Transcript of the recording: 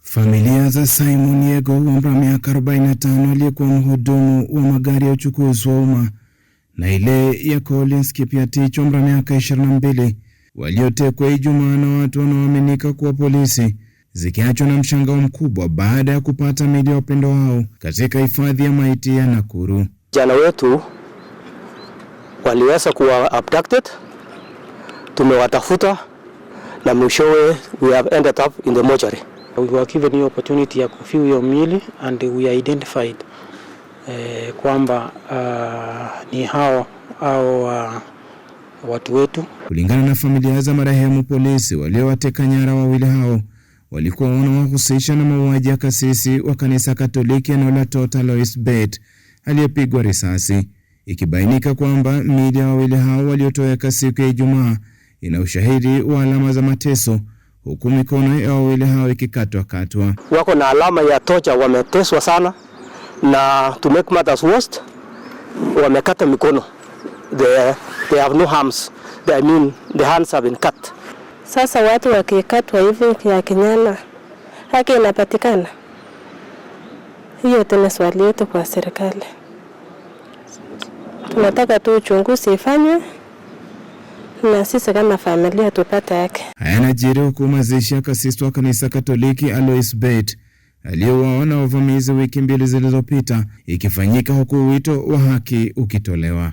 Familia za Simon Yego umri wa miaka 45 aliyekuwa mhudumu wa magari ya uchukuzi wa umma na ile ya Collins Kipiatich umri wa miaka 22 waliotekwa Ijumaa na watu wanaoaminika kuwa polisi, zikiachwa na mshangao mkubwa baada ya kupata miili ya wapendo wao katika hifadhi ya maiti ya Nakuru. Jana wetu waliweza kuwa abducted, tumewatafuta na mwishowe we have ended up in the mortuary. We were given the opportunity ya kufiu hiyo miili and we identified eh, kwamba uh, ni hao au uh, ah, watu wetu. Kulingana na familia za marehemu, polisi waliowateka nyara wawili hao walikuwa wanawahusisha na mauaji ya kasisi wa kanisa Katoliki eneo la Tota Lois Bet aliyepigwa risasi, ikibainika kwamba miili ya wawili hao waliotoweka siku ya Ijumaa ina ushahidi wa alama za mateso huku mikono ya wawili hao ikikatwa katwa. Wako na alama ya tocha, wameteswa sana na to make matters worse, wamekata mikono. They, they have no arms. I mean, the hands have been cut. Sasa watu wakikatwa hivi ya kinyana haki inapatikana? Hiyo tena swali yetu kwa serikali, tunataka tu uchunguzi ifanywe na sisi kama familia tupate yake. Anajiri huku mazishi ya kasisi wa kanisa Katoliki Alois Bett aliyowaona wavamizi wiki mbili zilizopita ikifanyika huku wito wa haki ukitolewa.